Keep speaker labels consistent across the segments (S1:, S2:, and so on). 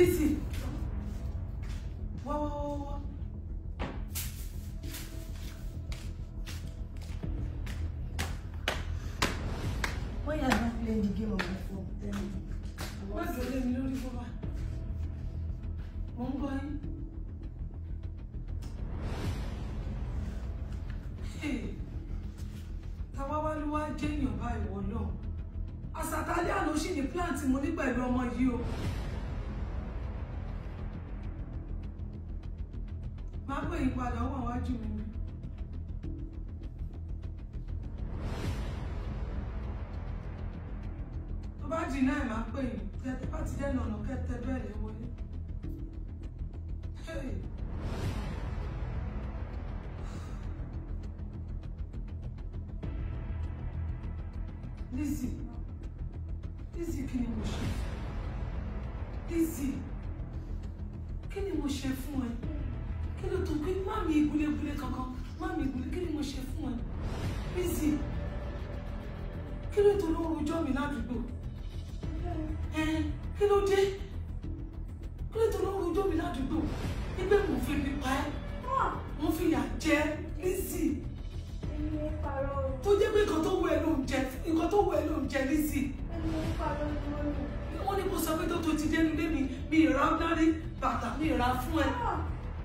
S1: Lizzy wá wá wá wá. Why you are not playing the game on my phone? Tell me. What's the name lórí bọ́bá? Mo ń gbọ́ yín. Tàwa your ló wá jẹ́yìn ọba ìwọ náà. Àṣàtàlẹ́ àlọ́ plant mo ní by ọmọ yìí o. ìròyìn padà wà wájú mi. tó bá jìnnà ẹ̀ máa pè yín tẹ́tẹ́ bá ti dẹ́nu ọ̀nà kẹ́tẹ́ bẹ́ẹ̀ lè wọlé. Lizzie, Lizzie kí ni mo ṣe? Lizzie, kí ni mo ṣe fún ẹ? kí ló tó pé má mi ìgbúlégbúlé kankan má mi ìgbúlé kí ni mo ṣe fún ẹ bísí kí ló tó ló rojọ́ mi ládùúgbò ẹ kí ló dé kí ló tó ló rojọ́ mi ládùúgbò ẹgbẹ́ mo fi mi pa ẹ́ mo fi yà jẹ bísí tó jẹ́ pé nǹkan tó wọ ẹ ló ń jẹ nǹkan tó wọ ẹ ló ń jẹ bísí wọ́n ní kó sọ pé tó tó ti dẹ́nu lé mi mi ìra ń dárí bàtà mi ìra fún ẹ. Ah!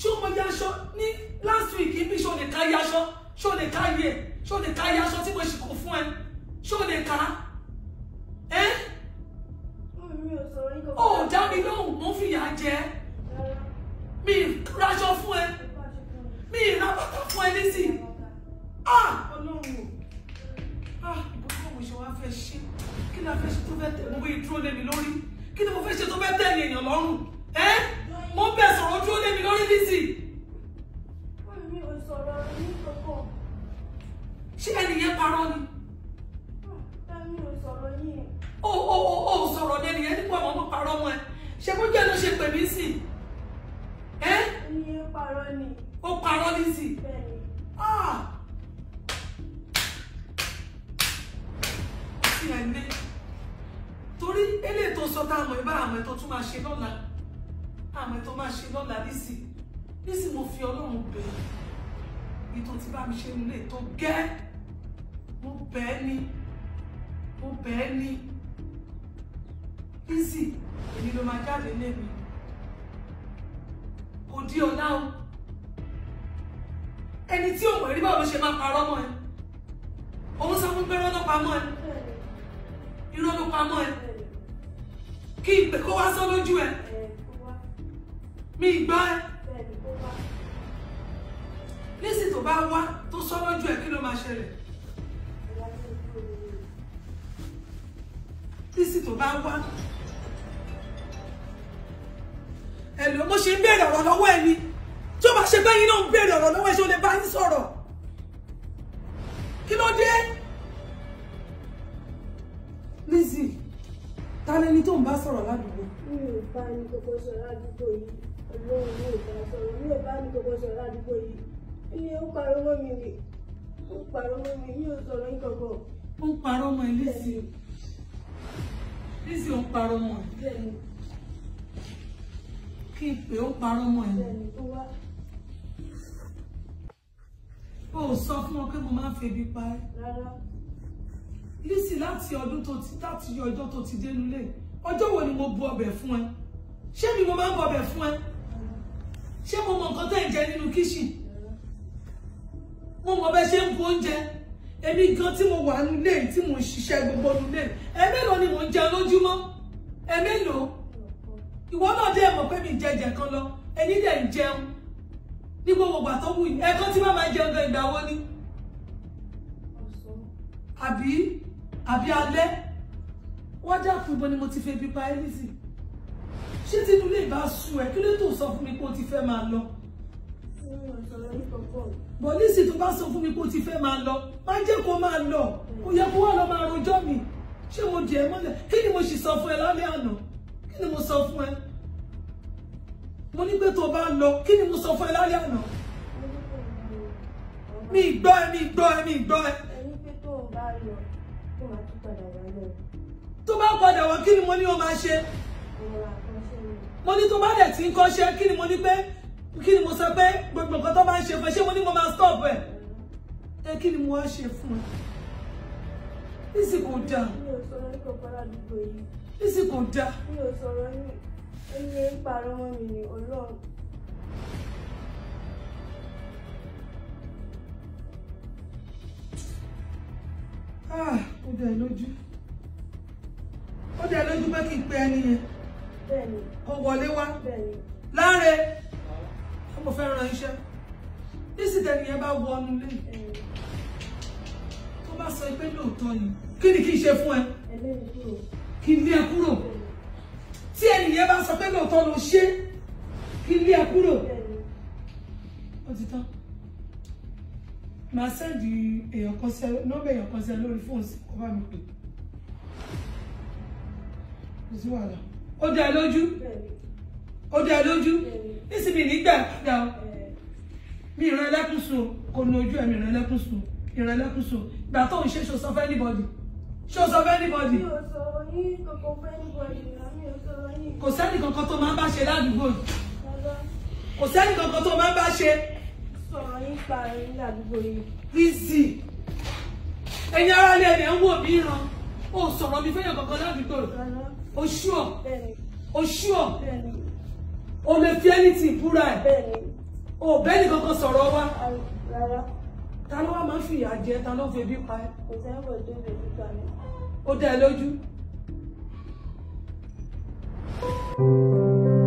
S1: ṣé o mọ iye aṣọ ní last week ibi ṣé o lè ka iye aṣọ ṣé o lè ka iye ṣé o lè ka iye aṣọ tí mo ṣì kò fún ẹ ṣé o lè ka ẹ. ó dá mi lóhùn mo fìyà jẹ mi raṣọ fún ẹ mi ra bàtà fún ẹ nísìnyí ah Ọlọ́run ah ìbùkún òun ṣe wá fẹ́ ṣe kí ni a fẹ́ ṣe tó fẹ́ tẹ̀ mo bí dúró lé mi lórí kí ni mo fẹ́ ṣe tó fẹ́ tẹ̀ ní èèyàn lọ́rùn. ó parọ́ nísì. ti ẹ̀ ní torí eléyìí tó sọ tá a mọ̀ ẹ bá àmọ́ ẹ tó tún máa ṣe lọ́la àmọ́ ẹ tó máa ṣe lọ́la nísì nísì mo fi ọlọ́run bẹ̀ ìtàn tí bá mi ṣe nílé tó gẹ́ mo bẹ̀ ẹ́ ni mo bẹ̀ ẹ́ ni nísì èmi ló máa jáde lé mi òdi ọ̀la o ẹni tí òun rí báwo ló ṣe máa parọ́ mọ́ ẹ òun sọ fún pé irọ́ ló pamọ́ ẹ irọ́ ló pamọ́ ẹ kí ìpè kó wá sọ lójú ẹ mi gbọ́ ẹ nísì tó bá wá tó sọ lójú ẹ kí ló máa ṣẹlẹ̀ nísì tó bá wá ẹ lọ mo ṣe ń béèrè ọ̀rọ̀ lọ́wọ́ ẹ ni máa ṣe bẹ́yìn náà ń béèrè ọ̀rọ̀ lọ́wọ́ ẹ̀ṣọ́ lè bá yín sọ̀rọ̀ kí ló dé Lizzie ta ni ẹni tó ń bá sọ̀rọ̀ ládùúgbò. mi ò bá ní kókó sọ̀rọ̀ ládùúgbò yìí ọlọ́run mi ò bá sọ̀rọ̀ mi ò bá ní kókó sọ̀rọ̀ ládùúgbò yìí ilé ó parọ́ mọ́ mi ni ó parọ́ mọ́ mi mi ò sọ̀rọ̀ ní kankan. ó ń parọ́ mọ́ ẹ Lizzie Lizzie ó ń parọ́ mọ́ ẹ kí n pè ó parọ́ mọ́ ẹ o ò sọ fún wọn pé mo máa ń febi pa ẹ́ lísì láti ọdún tó ti láti yọ ọjọ́ tó ti dénú lé ọjọ́ wo ni mo bu ọbẹ̀ fún ẹ ṣé mi mo máa ń bu ọbẹ̀ fún ẹ ṣé mo mọ nǹkan tẹ́ ń jẹ nínú kíṣìn mo mọ bẹ́ ṣe ń bu oúnjẹ èmi gan tí mo wà nílé tí mo ń ṣiṣẹ́ gbogbo nílé ẹ̀mélòó ni mo ń jẹun lójúmọ́ ẹ̀mélòó ìwọ náà dé mọ̀ pé mi jẹjẹ kan lọ ẹni dẹ̀ ń jẹun ní gbogbo ìgbà tó wù yín ẹ̀kọ́ tí má máa jẹun gan ìgbà wo ni àbí àbí alẹ́ wọ́n já fún bo ni mo ti fi ebi pa ẹ́ nísìnyí ṣé tinú lè bá sú ẹ kí ló tó sọ fún mi pé o ti fẹ́ máa lọ. bọ̀ nísìnyí tó bá sọ fún mi pé o ti fẹ́ máa lọ má jẹ́ kó máa lọ kò yẹ kó wà lọ máa rojọ́ mi ṣé mo dì ẹ́ mọ́lẹ̀ kí ni mo sì sọ fún ẹ lálẹ́ àná kí ni mo sọ fún ẹ mo ní pé tó bá ń lọ kí ni mo sọ fún ẹ lálẹ́ àná
S2: mi gbọ́ ẹ mi
S1: gbọ́ ẹ mi gbọ́ ẹ. tó bá padà wá kí ni mo ní o máa ṣe mo ní tó bá dẹ̀ ti ń kọ́ṣẹ́ kí ni mo ní pé kí ni mo sọ pé gbogbo nǹkan tó bá ń ṣe fún ẹ ṣé mo ní mo máa stop ẹ ẹ kí ni mo wá ṣe fún ẹ
S2: nísìkò dáa
S1: nísìkò dáa ó ní ń parọ́ mọ́ mi ní ọlọ́run. Ah, ó dẹ̀ lójú
S2: ó dẹ̀ lójú pé kí n
S1: pe ẹni yẹn ó wọlé wá láre mo fẹ́ ran iṣẹ́ nísìtẹ́ ni ẹ bá wọnú lé tó bá sọ pé lóòótọ́ ni kí ni kí n ṣe fún ẹ kí n lé ẹ kúrò nìyẹn bá sọ pé lóòótọ́ ló ṣe kí lé ẹ kúrò ó ti tán màá sẹ́ẹ̀dì èèyàn kan sẹ́ nọ́ọ̀bù èèyàn kan sẹ́ lórí fóònù sí kó bá mi pè kò sí wàhálà ó dá ẹ lójú ó dá ẹ lójú nísìnyí nígbà dá ọ mi ìran ẹlẹ́kùn sùn kò ní ojú ẹ̀ mi ìran ẹlẹ́kùn sùn ìran ẹlẹ́kùn sùn ìgbà tó ń ṣe ṣo sọ fẹ́ níbọ̀dì ṣé o anybody. mi ò sọ yín kankan anybody mi ò sọ yín. kò sẹ́ni kankan tó máa ń bá ṣe ládùúgbò yìí kò sẹ́ni kankan tó máa ń bá ṣe. sọ̀rọ̀ nípa ẹ̀rín ládùúgbò yìí. lizzy ẹ̀yin ara lé ẹ̀ ń wò mí ràn ó sọ̀rọ̀ mi fẹ́yàn kankan ládùúgbò o ṣúọ̀ o ṣúọ̀ o lè fi anything búra ẹ̀ o bẹ́ẹ̀ ni kankan sọ̀rọ̀ wa ta ló wá máa ń fìyà jẹ ta ló febi pa ẹ. kò sẹ́wọ̀n tó febi pa mi. ó dá ẹ lójú. thank you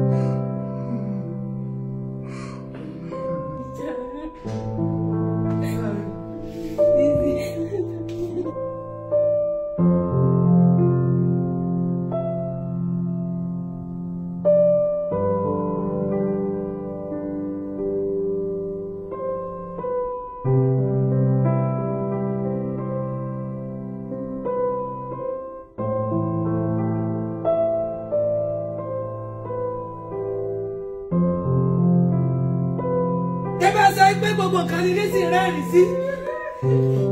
S1: bá sọ pé gbogbo nǹkan ni ní sì rẹ́rìn sí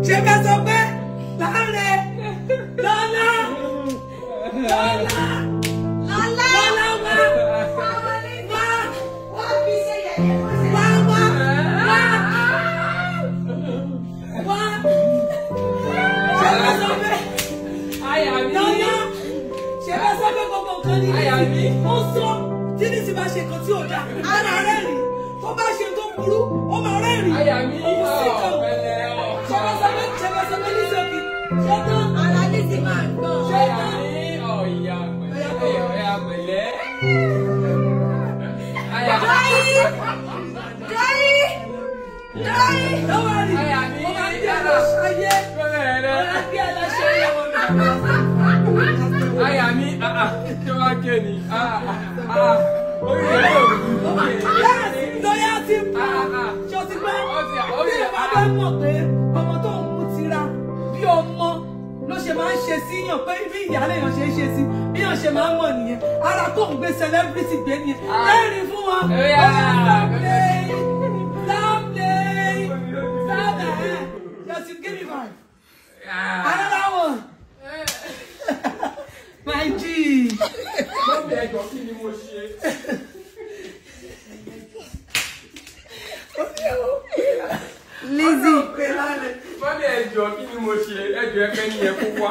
S1: ṣé bá sọ pé láàrẹ lọ́lá lọ́lá lọ́lá lọ́lá wá wá wá fi ṣe yẹ̀yẹ́ wá wá wá wá ṣé bá sọ pé lọ́lá ṣé bá sọ pé gbogbo nǹkan ni ní ó sọ tí ní sì bá ṣe nǹkan tí ò dáa ara rẹ̀ rìn tó bá ṣe tó burú. Ayami, àyà mi ọ̀pẹ̀lẹ̀ ọ̀pẹ̀. ṣé tán ara ní ti máa ń gbọ́n. ṣé tán ọ̀yà pẹ̀lẹ́ ọ̀yà pẹ̀lẹ́. Dọ́yì dọ́yì
S2: dọ́yì. Àyà mi yára ṣayé. Ọlọ́gbẹ́ aláṣẹ ìyàwó mi.
S1: Àyà mi, kí wá ké ni? Ah, ah, ah yeah. ti pa ṣé o ti pẹ́ bí ìyàbá bá mọ̀ pé ọmọ tó ń mú ti ra bí ọmọ ló ṣe máa ń ṣe sí yàn pé bí ìyáálé yàn ṣe ń ṣe sí bí yàn ṣe máa ń mọ̀ nìyẹn ara tó ń gbé celebrity gbé nìyẹn lẹ́rìí fún wọn ọ̀yà láàbẹ̀ láàbẹ̀ sábẹ̀ yóò ti gé mi báyìí. ẹjọ́ Lizzy wọ́n ní kí ni mo ṣe ẹjọ́ ẹgbẹ́ ni ẹ kó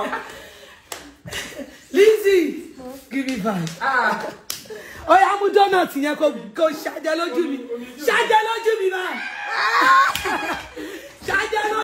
S1: Lizzy give me back. Ah. Ó yá mú dọ́nàtì yẹn kó ṣáájá lójú mi ṣáájá lójú mi báyìí ah.